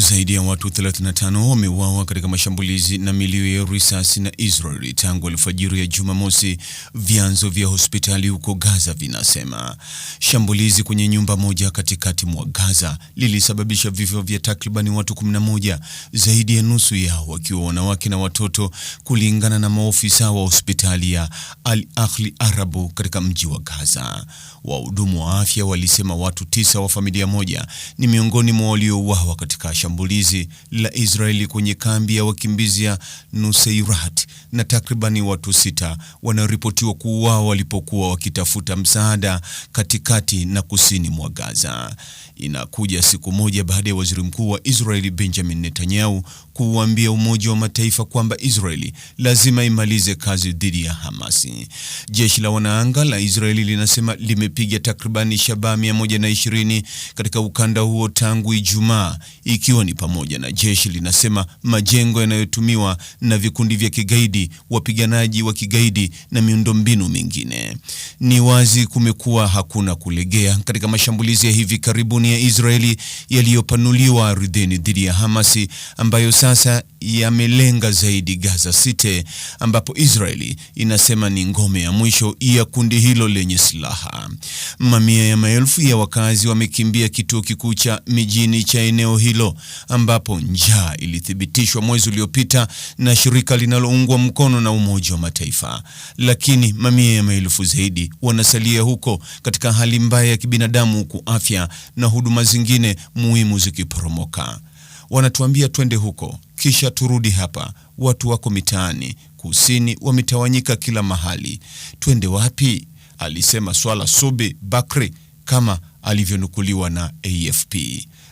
Zaidi ya watu 35 wameuawa katika mashambulizi na milio ya risasi na Israel tangu alfajiri ya Jumamosi, vyanzo vya hospitali huko Gaza vinasema. Shambulizi kwenye nyumba moja katikati mwa Gaza lilisababisha vifo vya takribani watu 11, zaidi ya nusu yao wakiwa wanawake na watoto, kulingana na maofisa wa hospitali ya Al Ahli Arabu katika mji wa Gaza. Wahudumu wa afya walisema watu tisa wa familia moja ni miongoni mwa waliouawa katika shambulizi la Israeli kwenye kambi ya wakimbizi ya Nuseirat na takribani watu sita wanaripotiwa kuuawa walipokuwa wakitafuta msaada katikati na kusini mwa Gaza. Inakuja siku moja baada ya Waziri Mkuu wa Israeli Benjamin Netanyahu kuuambia Umoja wa Mataifa kwamba Israeli lazima imalize kazi dhidi ya Hamasi. Jeshi la wanaanga la Israeli linasema limepiga takribani shabaha 120 katika ukanda huo tangu Ijumaa ikiwa ikiwa ni pamoja na jeshi linasema majengo yanayotumiwa na vikundi vya kigaidi, wapiganaji wa kigaidi na miundombinu mingine. Ni wazi kumekuwa hakuna kulegea katika mashambulizi ya hivi karibuni ya Israeli yaliyopanuliwa ardhini dhidi ya Hamasi ambayo sasa yamelenga zaidi Gaza City ambapo Israeli inasema ni ngome ya mwisho ya kundi hilo lenye silaha. Mamia ya maelfu ya wakazi wamekimbia kituo kikuu cha mijini cha eneo hilo ambapo njaa ilithibitishwa mwezi uliopita na shirika linaloungwa mkono na Umoja wa Mataifa, lakini mamia ya maelfu zaidi wanasalia huko katika hali mbaya ya kibinadamu, huku afya na huduma zingine muhimu zikiporomoka. Wanatuambia twende huko kisha turudi hapa. Watu wako mitaani kusini, wametawanyika kila mahali. Twende wapi? alisema Swala Subi Bakri kama alivyonukuliwa na AFP.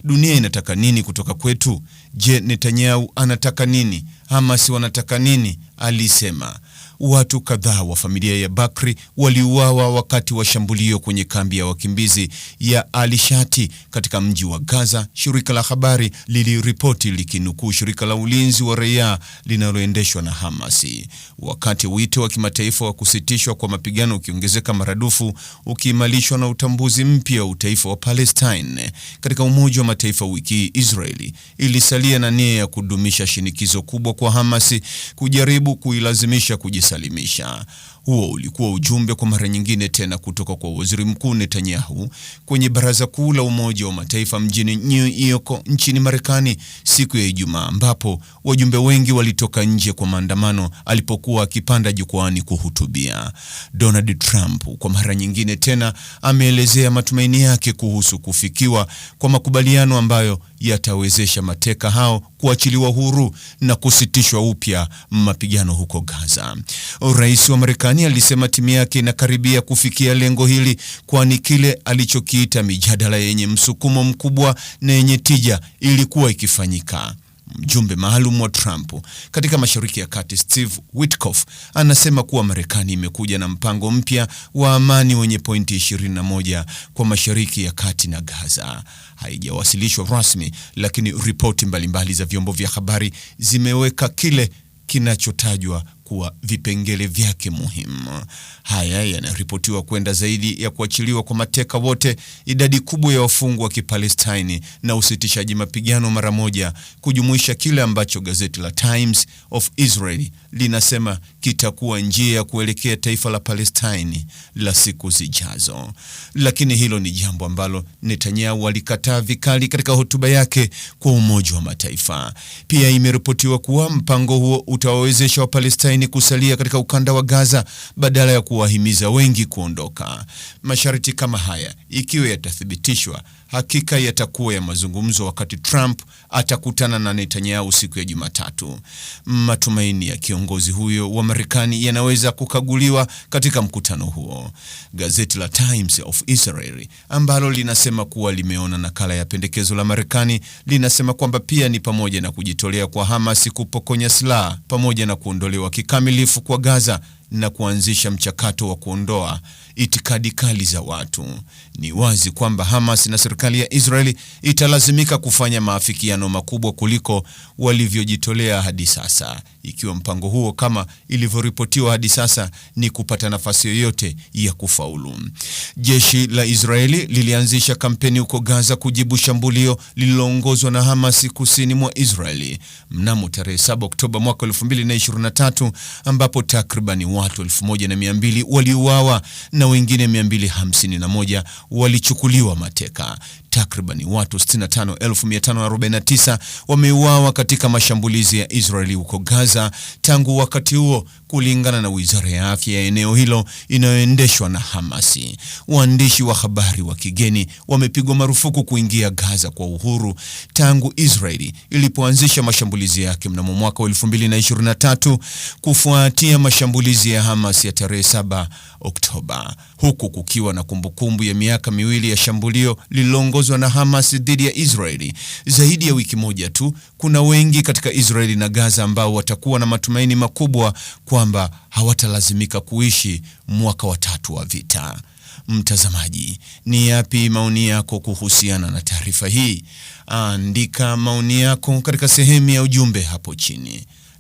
Dunia inataka nini kutoka kwetu? Je, Netanyahu anataka nini? Hamas wanataka nini? Alisema watu kadhaa wa familia ya Bakri waliuawa wakati wa shambulio kwenye kambi ya wakimbizi ya Alishati katika mji wa Gaza, shirika la habari liliripoti likinukuu shirika la ulinzi wa raia linaloendeshwa na Hamasi. Wakati wito wa kimataifa wa kusitishwa kwa mapigano ukiongezeka maradufu, ukiimarishwa na utambuzi mpya wa utaifa wa Palestine katika Umoja wa Mataifa, wiki hii Israeli ilisalia na nia ya kudumisha shinikizo kubwa kwa Hamasi kujaribu kuilazimisha kujisa kujisalimisha. Huo ulikuwa ujumbe kwa mara nyingine tena kutoka kwa Waziri Mkuu Netanyahu kwenye Baraza Kuu la Umoja wa Mataifa mjini New York nchini Marekani siku ya Ijumaa, ambapo wajumbe wengi walitoka nje kwa maandamano alipokuwa akipanda jukwaani kuhutubia. Donald Trump kwa mara nyingine tena ameelezea matumaini yake kuhusu kufikiwa kwa makubaliano ambayo yatawezesha mateka hao kuachiliwa huru na kusitishwa upya mapigano huko Gaza. Rais wa Marekani Rubani alisema timu yake inakaribia kufikia lengo hili, kwani kile alichokiita mijadala yenye msukumo mkubwa na yenye tija ilikuwa ikifanyika. Mjumbe maalum wa Trump katika Mashariki ya Kati, Steve Witkoff, anasema kuwa Marekani imekuja na mpango mpya wa amani wenye pointi 21 kwa Mashariki ya Kati na Gaza. Haijawasilishwa rasmi, lakini ripoti mbalimbali za vyombo vya habari zimeweka kile kinachotajwa kuwa vipengele vyake muhimu. Haya yanaripotiwa kwenda zaidi ya kuachiliwa kwa mateka wote, idadi kubwa ya wafungwa wa Kipalestini na usitishaji mapigano mara moja, kujumuisha kile ambacho gazeti la Times of Israel linasema kitakuwa njia ya kuelekea taifa la Palestini la siku zijazo. Lakini hilo ni jambo ambalo Netanyahu alikataa vikali katika hotuba yake kwa Umoja wa Mataifa. Pia imeripotiwa kuwa mpango huo utawawezesha Wapalestina Palestina kusalia katika ukanda wa Gaza badala ya kuwahimiza wengi kuondoka. Masharti kama haya ikiwa yatathibitishwa hakika yatakuwa ya mazungumzo wakati Trump atakutana na Netanyahu siku ya Jumatatu. Matumaini ya kiongozi huyo wa Marekani yanaweza kukaguliwa katika mkutano huo. Gazeti la Times of Israel ambalo linasema kuwa limeona nakala ya pendekezo la Marekani linasema kwamba pia ni pamoja na kujitolea kwa Hamas kupokonya silaha pamoja na kuondolewa kikamilifu kwa Gaza na kuanzisha mchakato wa kuondoa itikadi kali za watu. Ni wazi kwamba Hamas na serikali ya Israeli italazimika kufanya maafikiano makubwa kuliko walivyojitolea hadi sasa, ikiwa mpango huo kama ilivyoripotiwa hadi sasa ni kupata nafasi yoyote ya kufaulu. Jeshi la Israeli lilianzisha kampeni huko Gaza kujibu shambulio lililoongozwa na Hamas kusini mwa Israeli mnamo tarehe 7 Oktoba mwaka 2023 ambapo takribani watu 1200 waliuawa na wengine 251 walichukuliwa mateka. takriban watu 65549 wameuawa katika mashambulizi ya Israeli huko Gaza tangu wakati huo, kulingana na Wizara ya Afya ya eneo hilo inayoendeshwa na Hamasi. Waandishi wa habari wa kigeni wamepigwa marufuku kuingia Gaza kwa uhuru tangu Israeli ilipoanzisha mashambulizi yake mnamo mwaka 2023 kufuatia mashambulizi kuanzia Hamas ya tarehe 7 Oktoba, huku kukiwa na kumbukumbu ya miaka miwili ya shambulio lililoongozwa na Hamas dhidi ya Israeli. Zaidi ya wiki moja tu, kuna wengi katika Israeli na Gaza ambao watakuwa na matumaini makubwa kwamba hawatalazimika kuishi mwaka wa tatu wa vita. Mtazamaji, ni yapi maoni yako kuhusiana na taarifa hii? Andika maoni yako katika sehemu ya ujumbe hapo chini